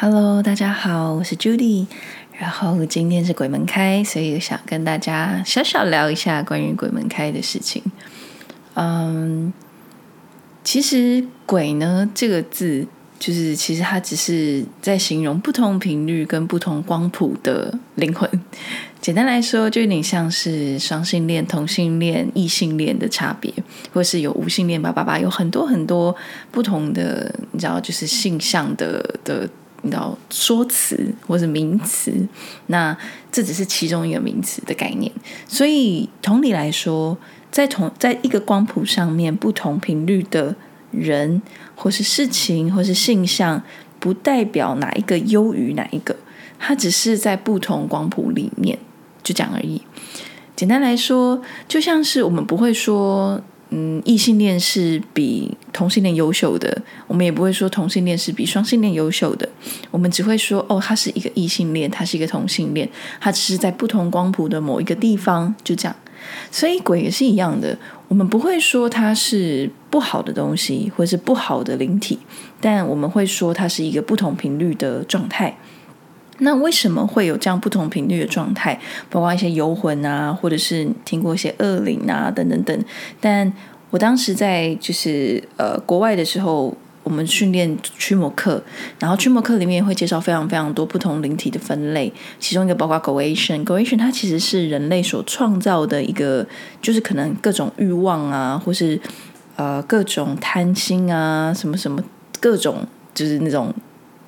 Hello，大家好，我是 Judy。然後今天是鬼門開，所以想跟大家小小聊一下關於鬼門開的事情。嗯、um，其實“鬼”呢這個字，就是其實它只是在形容不同頻率跟不同光譜的靈魂。簡單來說，就有點像是雙性戀、同性戀、異性戀的差別，或是有無性戀吧，吧，吧，爸爸有很多很多不同的，你知道，就是性向的的。你知道，說辭或是名詞，那這只是其中一個名詞的概念。所以，同理來說，在同在一個光譜上面，不同頻率的人或是事情或是現象，不代表哪一個優於哪一個，它只是在不同光譜裡面，就講而已。簡單來說，就像是我們不會說，嗯，異性戀是比同性戀優秀的，我們也不會說同性戀是比雙性戀優秀的，我們只會說哦，它是一個異性戀，它是一個同性戀，它只是在不同光譜的某一個地方，就這樣。所以鬼也是一樣的，我們不會說它是不好的東西或是不好的靈體，但我們會說它是一個不同頻率的狀態。那為什麼會有這樣不同頻率的狀態？包括一些游魂啊，或者是聽過一些惡靈啊，等等等。但我當時在就是呃國外的時候，我們訓練驅魔課，然後驅魔課裡面會介紹非常非常多不同靈體的分類，其中一個包括 Goetia，Goetia 它其實是人類所創造的一個，就是可能各種欲望啊，或是呃各種貪心啊，什麼什麼各種，就是那種。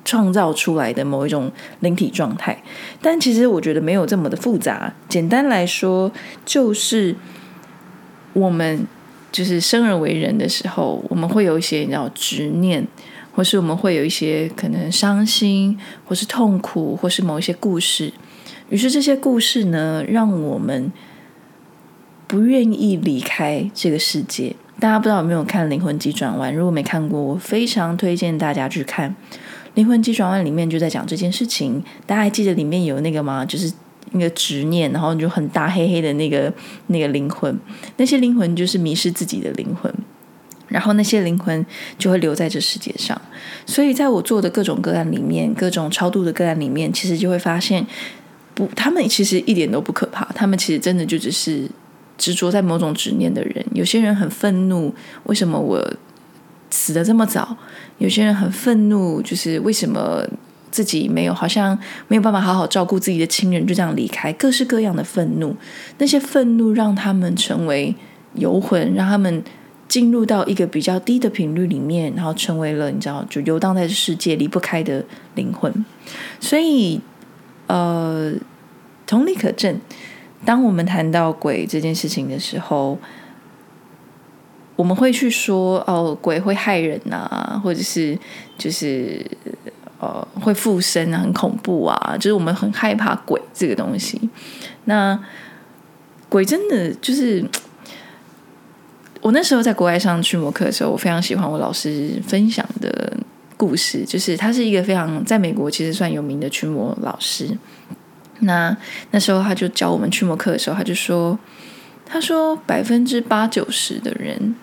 創造出來的某一種靈體狀態，但其實我覺得沒有這麼的複雜。簡單來說，就是我們就是生而為人的時候，我們會有一些要執念，或是我們會有一些可能傷心，或是痛苦，或是某一些故事。於是這些故事呢，讓我們不願意離開這個世界。大家不知道有沒有看《靈魂急轉彎》，如果沒看過，我非常推薦大家去看。靈魂急轉彎裡面就在講這件事情，大家還記得裡面有那個嗎？就是那個執念，然後就很大黑黑的那個那個靈魂，那些靈魂就是迷失自己的靈魂，然後那些靈魂就會留在這世界上。所以在我做的各種個案裡面，各種超度的個案裡面，其實就會發現，不，他們其實一點都不可怕，他們其實真的就只是執着在某種執念的人。有些人很憤怒，為什麼我？死得這麼早，有些人很憤怒，就是為什麼自己沒有，好像沒有辦法好好照顧自己的親人，就這樣離開，各式各樣的憤怒，那些憤怒讓他們成為遊魂，讓他們進入到一個比較低的頻率裡面，然後成為了你知道，就遊蕩在世界離不開的靈魂。所以，呃，同理可證，當我們談到鬼這件事情的時候。我們會去說哦，鬼會害人吶、啊，或者是就是呃、哦，會附身啊，很恐怖啊，就是我們很害怕鬼這個東西。那鬼真的就是我那時候在國外上驅魔課的時候，我非常喜歡我老師分享的故事，就是他是一個非常在美國其實算有名的驅魔老師。那那時候他就教我們驅魔課的時候，他就說。他說 8,，百分之八九十的人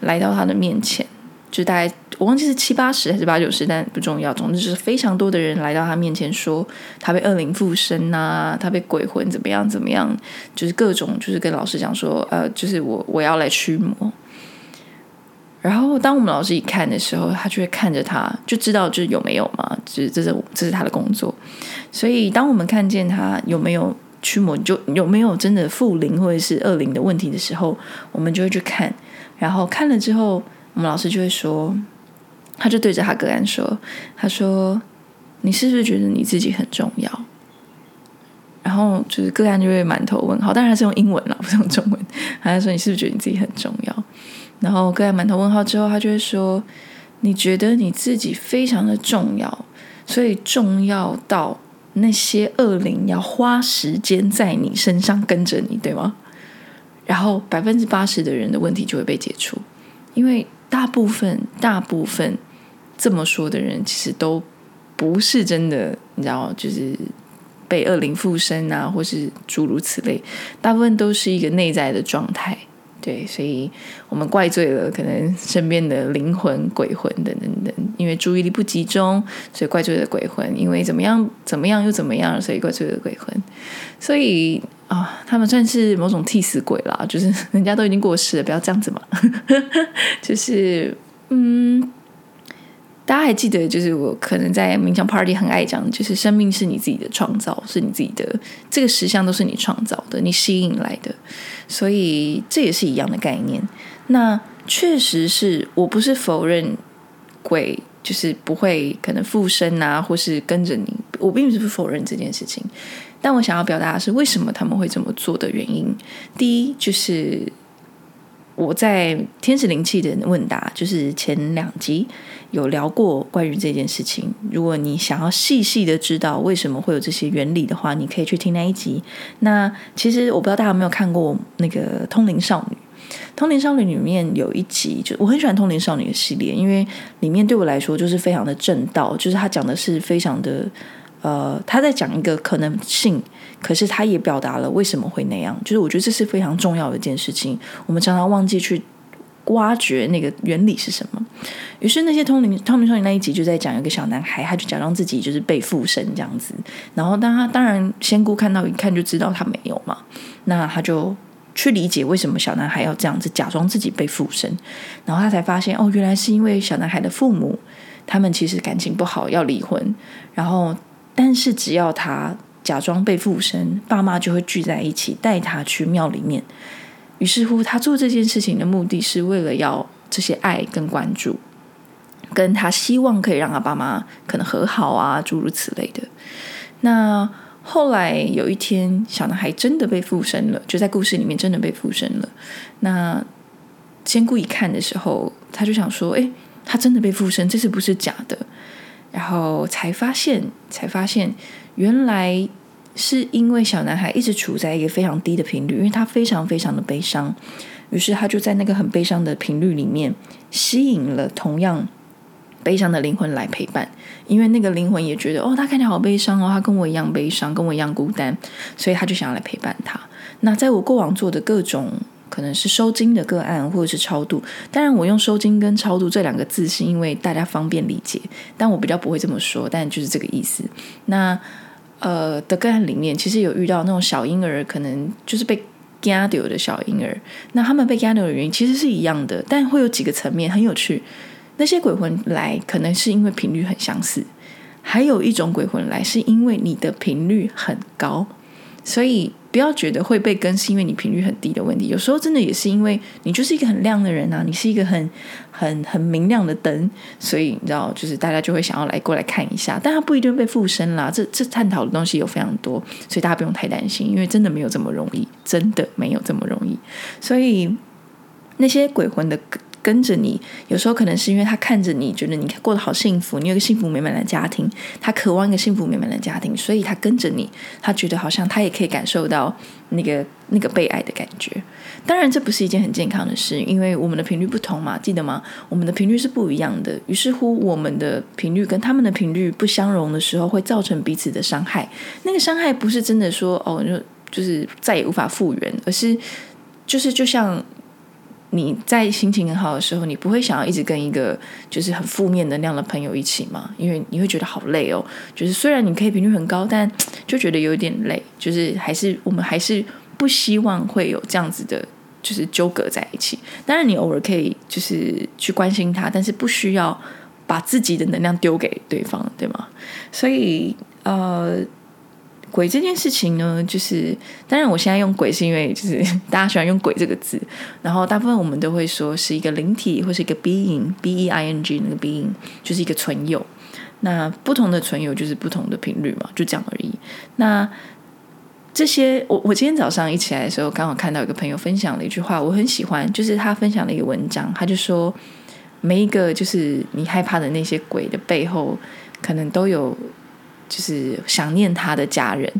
來到他的面前，就大概我忘記是七八十還是八九十，但不重要。總之就是非常多的人來到他面前，說他被惡靈附身吶、啊，他被鬼魂怎麼樣怎麼樣，就是各種就是跟老師講說，呃，就是我我要來驅魔。然後當我們老師一看的時候，他就會看着他，就知道就是有沒有嘛，這、就是、這是這是他的工作。所以當我們看見他有沒有。驅魔，就有沒有真的負靈或者是惡靈的問題的時候，我們就會去看。然後看了之後，我們老師就會說，他就對着他個案說：“他說，你是不是覺得你自己很重要？”然後就是個案就會滿頭問號。當然，他是用英文啦，不是用中文。他就說：“你是不是覺得你自己很重要？”然後個案滿頭問號之後，他就會說：“你覺得你自己非常的重要，所以重要到……”那些惡靈要花時間在你身上跟着你，對嗎？然後百分之八十的人的問題就會被解除，因為大部分、大部分這麼說的人其實都不是真的，你知道，就是被惡靈附身啊，或是諸如此類，大部分都是一個內在的狀態。對，所以我們怪罪了可能身邊的靈魂、鬼魂等等等，因為注意力不集中，所以怪罪了鬼魂。因為怎麼樣、怎麼樣又怎麼樣，所以怪罪了鬼魂。所以啊、哦，他們算是某種替死鬼啦，就是人家都已經過世了，不要這樣子嘛， 就是嗯。大家還記得，就是我可能在冥想 party 很愛講，就是生命是你自己的創造，是你自己的這個實相都是你創造的，你吸引來的，所以這也是一樣的概念。那確實是我不是否認鬼就是不會可能附身啊，或是跟着你，我並不是否認這件事情，但我想要表達的是為什麼他們會這麼做的原因。第一就是。我在天使靈氣的問答，就是前兩集有聊過關於這件事情。如果你想要細細的知道為什麼會有這些原理的話，你可以去聽那一集。那其實我不知道大家有沒有看過那個《通靈少女》。《通靈少女》裡面有一集，就我很喜歡《通靈少女》的系列，因為裡面對我來說就是非常的正道，就是他講的是非常的呃，他在講一個可能性。可是他也表達了為什麼會那樣，就是我覺得這是非常重要的一件事情。我們常常忘記去挖掘那個原理是什麼。於是那些通靈《通靈少女》那一集就在講一個小男孩，他就假裝自己就是被附身這樣子。然後當他當然仙姑看到一看就知道他沒有嘛，那他就去理解為什麼小男孩要這樣子假裝自己被附身。然後他才發現哦，原來是因為小男孩的父母他們其實感情不好要離婚，然後但是只要他。假裝被附身，爸媽就會聚在一起帶他去廟裡面。於是乎，他做這件事情的目的是為了要這些愛跟關注，跟他希望可以讓他爸媽可能和好啊，諸如此類的。那後來有一天，小男孩真的被附身了，就在故事裡面真的被附身了。那仙姑一看的時候，他就想說：“哎，他真的被附身，這是不是假的？”然後才發現，才發現原來。是因為小男孩一直處在一個非常低的頻率，因為他非常非常的悲傷，於是他就在那個很悲傷的頻率裡面吸引了同樣悲傷的靈魂來陪伴。因為那個靈魂也覺得，哦，他看起來好悲傷哦，他跟我一樣悲傷，跟我一樣孤單，所以他就想要來陪伴他。那在我過往做的各種可能是收驚的個案或者是超度，當然我用收驚跟超度這兩個字是因為大家方便理解，但我比較不會這麼說，但就是這個意思。那。呃，的個案裡面其實有遇到那種小嬰兒，可能就是被壓丟的小嬰兒。那他們被壓丟的原因其實是一樣的，但會有幾個層面很有趣。那些鬼魂來，可能是因為頻率很相似；還有一種鬼魂來，是因為你的頻率很高，所以。不要覺得會被跟是因為你頻率很低的問題。有時候真的也是因為你就是一個很亮的人啊，你是一個很、很、很明亮的燈，所以你知道，就是大家就會想要來過來看一下。但他不一定被附身啦、啊。這、這探討的東西有非常多，所以大家不用太擔心，因為真的沒有這麼容易，真的沒有這麼容易。所以那些鬼魂的跟着你，有時候可能是因為他看着你，覺得你過得好幸福，你有一個幸福美滿的家庭，他渴望一個幸福美滿的家庭，所以他跟着你，他覺得好像他也可以感受到那個那個被愛的感覺。當然，這不是一件很健康的事，因為我們的頻率不同嘛，記得嗎？我們的頻率是不一樣的，於是乎，我們的頻率跟他們的頻率不相容的時候，會造成彼此的傷害。那個傷害不是真的說哦，就就是再也無法復原，而是就是就像。你在心情很好的時候，你不會想要一直跟一個就是很負面能量的朋友一起嗎？因為你會覺得好累哦。就是雖然你可以頻率很高，但就覺得有點累。就是還是我們還是不希望會有這樣子的，就是糾葛在一起。當然你偶爾可以就是去關心他，但是不需要把自己的能量丟給對方，對嗎？所以呃。鬼這件事情呢，就是當然，我現在用「鬼」是因為就是大家喜歡用「鬼」這個字，然後大部分我們都會說是一個靈體或是一個 being，B-E-I-N-G 那個 being 就是一個存有。那不同的存有就是不同的頻率嘛，就這樣而已。那這些，我我今天早上一起來的時候，剛好看到一個朋友分享了一句話，我很喜歡，就是他分享了一個文章，他就說，每一個就是你害怕的那些鬼的背後，可能都有。就是想念他的家人，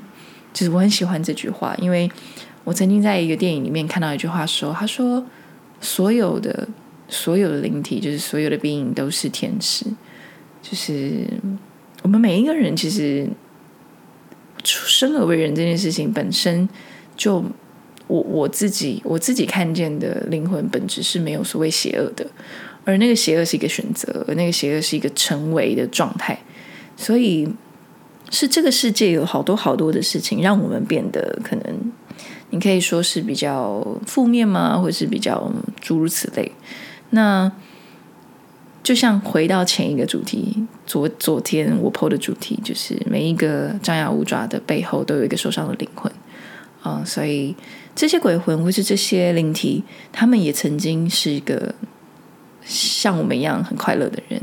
就是我很喜歡這句話，因為我曾經在一個電影裡面看到一句話說，說他說所有的所有的靈體，就是所有的陰影都是天使。就是我們每一個人其實生而為人這件事情本身就我我自己我自己看見的靈魂本質是沒有所謂邪惡的，而那個邪惡是一個選擇，而那個邪惡是一個成為的狀態，所以。是這個世界有好多好多的事情，讓我們變得可能，你可以說是比較負面嗎？或是比較諸如此類。那就像回到前一個主題，昨昨天我 po 的主題就是，每一個張牙舞爪的背後都有一個受傷的靈魂。啊、嗯，所以這些鬼魂或是這些靈體，他們也曾經是一個像我們一樣很快樂的人。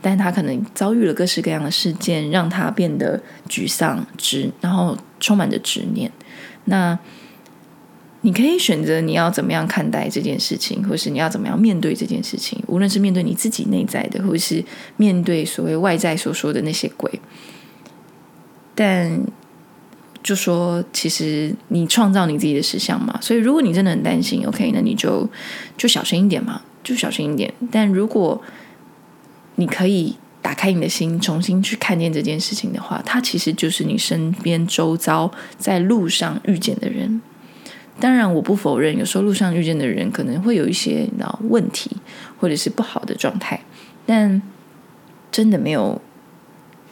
但他可能遭遇了各式各樣的事件，讓他變得沮喪、執，然後充滿着執念。那你可以選擇你要怎麼樣看待這件事情，或是你要怎麼樣面對這件事情。無論是面對你自己內在的，或是面對所謂外在所說的那些鬼。但就說，其實你創造你自己的實相嘛。所以，如果你真的很擔心，OK，那你就就小心一點嘛，就小心一點。但如果你可以打開你的心，重新去看見這件事情的話，它其實就是你身邊周遭在路上遇見的人。當然，我不否認有時候路上遇見的人可能會有一些問題或者是不好的狀態，但真的沒有，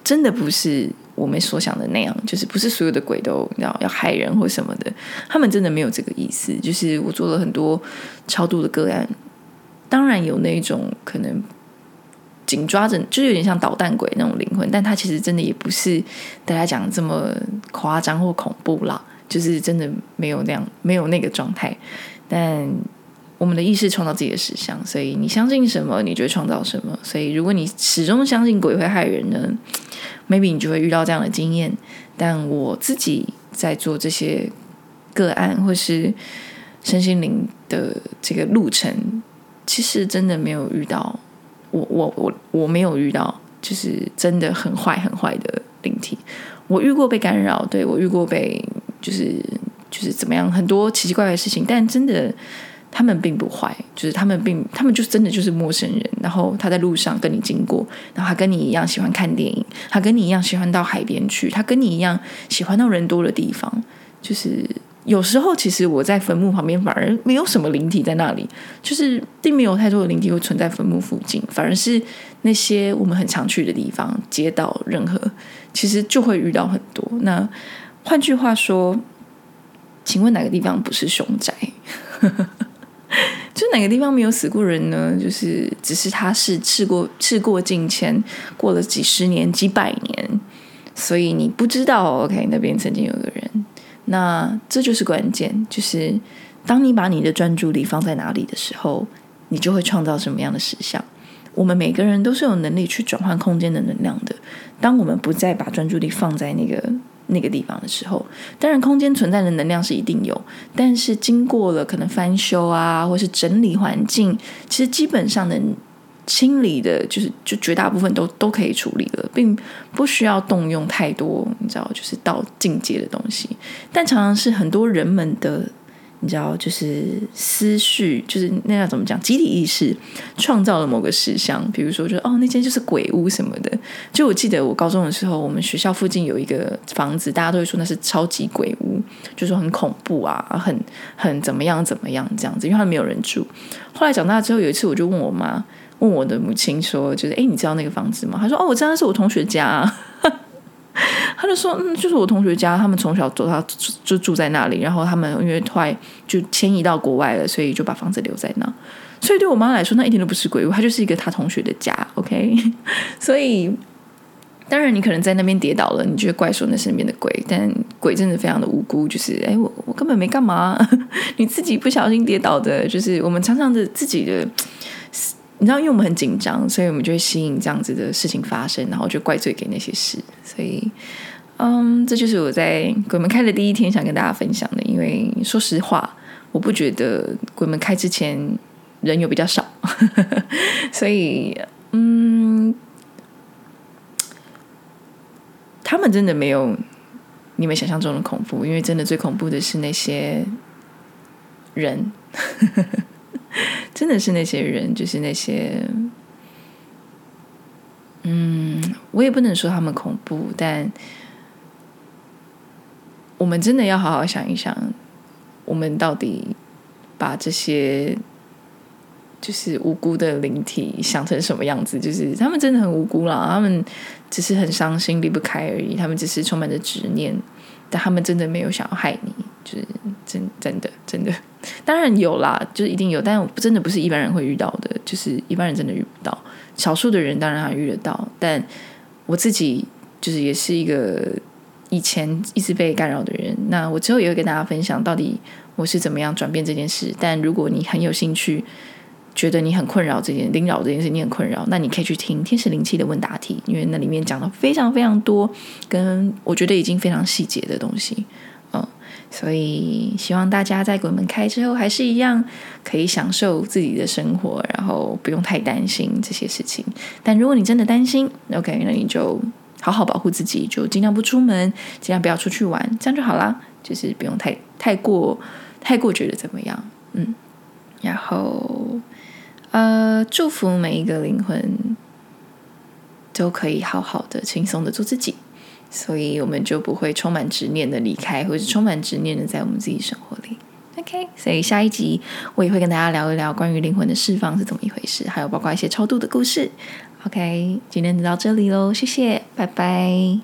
真的不是我們所想的那樣，就是不是所有的鬼都要要害人或什麼的，他們真的沒有這個意思。就是我做了很多超度的個案，當然有那種可能。緊抓着，就有點像搗蛋鬼那種靈魂，但他其實真的也不是大家講的這麼誇張或恐怖啦，就是真的沒有那樣，沒有那個狀態。但我們的意識創造自己的實相，所以你相信什麼，你就會創造什麼。所以如果你始終相信鬼會害人呢，maybe 你就會遇到這樣的經驗。但我自己在做這些個案或是身心靈的這個路程，其實真的沒有遇到。我我我我沒有遇到，就是真的很壞很壞的靈體。我遇過被干擾，對，我遇過被就是就是怎麼樣，很多奇奇怪怪的事情。但真的，他們並不壞，就是他們並他們就真的就是陌生人。然後他在路上跟你經過，然後他跟你一樣喜歡看電影，他跟你一樣喜歡到海邊去，他跟你一樣喜歡到人多的地方，就是。有時候，其實我在墳墓旁邊反而沒有什麼靈體在那裡，就是並沒有太多的靈體會存在墳墓附近，反而是那些我們很常去的地方，街道任何其實就會遇到很多。那換句話說，請問哪個地方不是凶宅？ 就哪個地方沒有死過人呢？就是只是他是事過事過境遷，過了幾十年幾百年，所以你不知道。OK，那邊曾經有個人。那這就是關鍵，就是當你把你的專注力放在哪裡的時候，你就會創造什麼樣的實相。我們每個人都是有能力去轉換空間的能量的。當我們不再把專注力放在那個那個地方的時候，當然空間存在的能量是一定有，但是經過了可能翻修啊，或是整理環境，其實基本上能。清理的，就是就絕大部分都都可以處理了，並不需要動用太多，你知道，就是到境界的東西。但常常是很多人們的，你知道，就是思緒，就是那要怎麼講，集體意識創造了某個實相，比如說就，就哦，那間就是鬼屋什麼的。就我記得我高中的時候，我們學校附近有一個房子，大家都會說那是超級鬼屋，就是、說很恐怖啊，很很怎麼樣怎麼樣這樣子，因為他沒有人住。後來長大之後，有一次我就問我媽。問我的母親說：“就是哎、欸，你知道那個房子嗎？”他說：“哦，我知道，那是我同學家。 ”他就說：“嗯，就是我同學家，他們從小走到就住在那裡，然後他們因為突然就遷移到國外了，所以就把房子留在那。所以對我媽來說，那一點都不是鬼屋，它就是一個他同學的家。”OK， 所以當然，你可能在那邊跌倒了，你覺得怪說那是那邊的鬼，但鬼真的非常的無辜，就是哎、欸，我我根本沒幹嘛， 你自己不小心跌倒的，就是我們常常的自己的。你知道，因為我們很緊張，所以我們就會吸引這樣子的事情發生，然後就怪罪給那些事。所以，嗯，這就是我在鬼門開的第一天想跟大家分享的。因為說實話，我不覺得鬼門開之前人有比較少， 所以，嗯，他們真的沒有你們想象中的恐怖。因為真的最恐怖的是那些人。 真的是那些人，就是那些，嗯，我也不能說他們恐怖，但我們真的要好好想一想，我們到底把這些就是無辜的靈體想成什麼樣子？就是他們真的很無辜啦，他們只是很傷心、離不開而已，他們只是充滿着執念，但他們真的沒有想要害你。就是真真的真的，當然有啦，就是一定有，但我真的不是一般人會遇到的，就是一般人真的遇不到，少數的人當然還遇得到。但我自己就是也是一個以前一直被干擾的人，那我之後也會跟大家分享到底我是怎麼樣轉變這件事。但如果你很有興趣，覺得你很困擾這件靈擾這件事，你很困擾，那你可以去聽《天使靈氣》的問答題，因為那裡面講了非常非常多跟我覺得已經非常細節的東西。所以，希望大家在鬼門開之後還是一樣可以享受自己的生活，然後不用太擔心這些事情。但如果你真的擔心，OK，那你就好好保護自己，就盡量不出門，盡量不要出去玩，這樣就好啦，就是不用太太過太過覺得怎麼樣。嗯。然後，呃，祝福每一個靈魂都可以好好的、輕鬆的做自己。所以我們就不會充滿執念的離開，或者是充滿執念的在我們自己生活裡。OK，所以下一集我也會跟大家聊一聊關於靈魂的釋放是怎麼一回事，還有包括一些超度的故事。OK，今天就到這裡嘍，謝謝，拜拜。